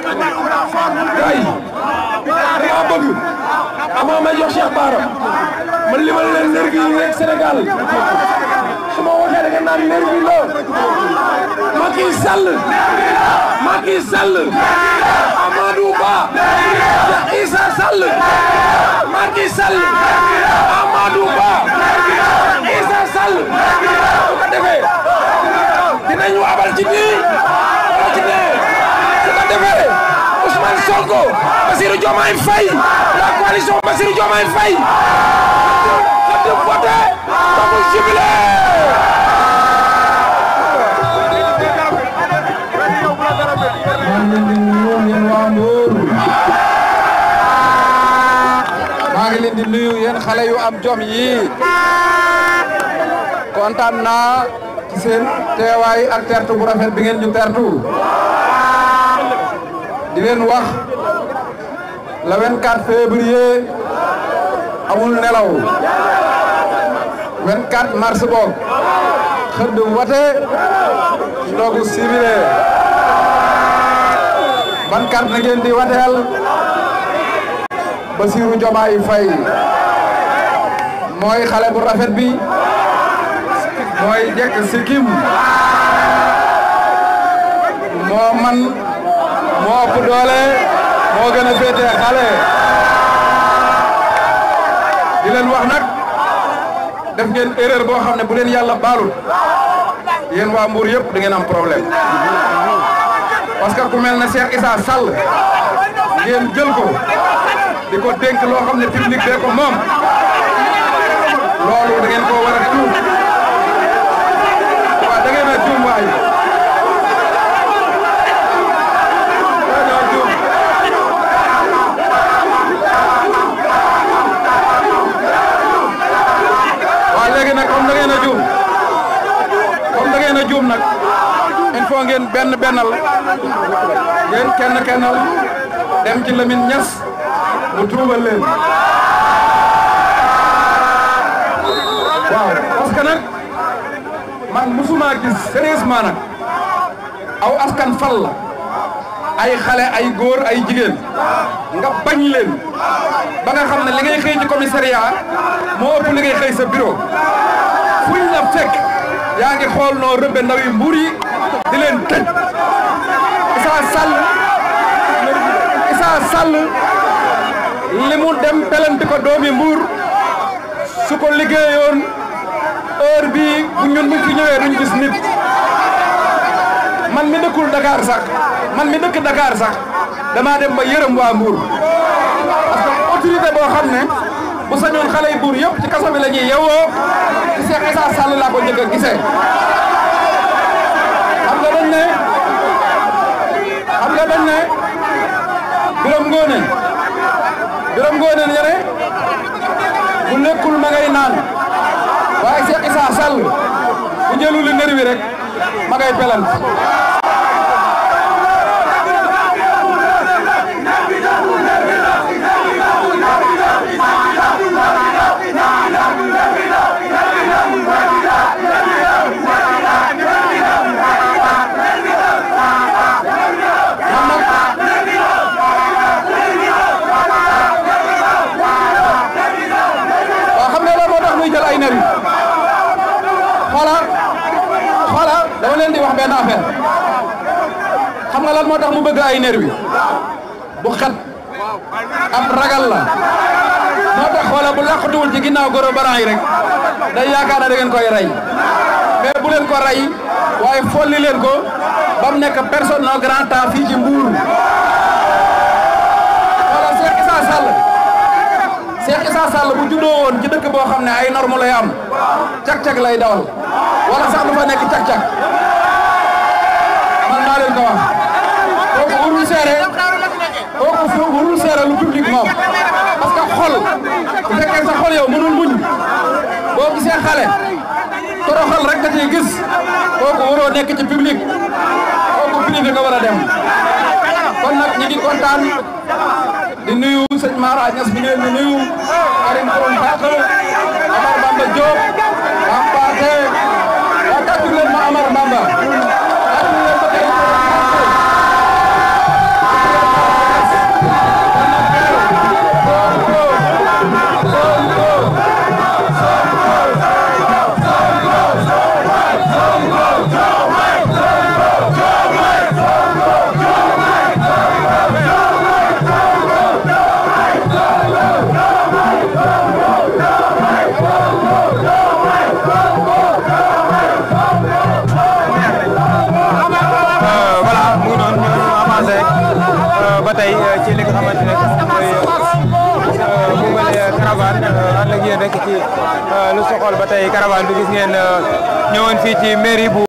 gars yi damaa bëgg amaa may jox Cheikh Bara man li ma nekk Sénégal su ma waxee da nga naan nervi la Macky Sall Macky Sall Amadou Ba Cheikh Issa Sall Ousmane Sonko Bassirou Diomaye Faye la coalition Bassirou Diomaye Faye xëdd voté ba mu jubilé maa ngi leen di nuyu yéen xale yu am jom yi kontaan naa ci seen teewaay tertu bu rafet bi ngeen ñu tertu di leen wax le 24 février amul nelaw 24 mars boog xëdd wate ndogu civilé ban carte na ngeen di wateel Bassirou Diomaye Faye mooy xale bu rafet bi mooy jekk sikkim moo man moo ëpp doole moo gën a féete xale di leen wax def ngeen erreur boo xam ne bu leen yàlla baalul yéen waa Mbour yëpp da ngeen am problème parce que ku mel ne Cheikh Issa Sall ngeen jël ko di ko dénk loo xam ne public bee ko moom loolu da ngeen koo war safoo ngeen benn bennal ngeen kenn kennal dem ci Lamine nag man musuma gis sérieusement nag aw askan fal ay xale ay góor ay jigéen nga bañ leen ba nga xam ne li ngay xëy ci commissariat moo ëpp li ngay xëy sa bureau fuñ la fekk yaa ngi xool noo rëbbe ndaw yi di leen tëj Issa Sall Issa Sall li mu dem pelanti ko doomi Mbuur su ko liggéeyoon heure bii bu ñun bu ñëwee duñ gis nit man mi dëkkul Dakar sax man mi dëkk Dakar sax damaa dem ba yërëm waa Mbuur parce que autorité boo xam ne bu sañoon xale yi Mbuur ci kaso bi la ñuy yewoo ci Cheikh Issa Sall ko njëkk a ne xam nga dañ ne Biram Ngoone Biram Ngoone ñu ne naan waaye Cheikh Issa Sall bu jëlul ndër wi rek ma ngay benn affaire xam nga lan moo tax mu bëgg ay nervi bu xat ab ragal la moo tax xoola bu làqatuwul ci ginnaaw goro baran yi rek day yaakaar na da ngeen koy rey mais bu leen ko rey waaye folli leen ko ba mu nekk personne non grata fii ci Mbour wala Cheikh Issa Sall Cheikh Issa bu juddoo woon ci dëkk boo xam ne ay norme lay am cag-cag lay dawal wala sax fa nekk cag-cag lañ ko wax kooku warul seere kooku warul seere lu public moom parce que xol bu fekkee xol yow mënul muñ boo gisee xale toroxal rek nga ciy gis kooku waroo nekk ci kooku privé nga war dem kon nag ñi ngi kontaan di nuyu sëñ Mara Niass bi ngeen di nuyu Karim Borom Fata Amar Bamba Diop Amar Bamba. ba tey euh, ci li nga xamante ne moom mooy euh, euh, caravane ànd ak yéen ci lu soxal ba tey caravane bi gis ngeen ñëwoon fii ci mairie bu.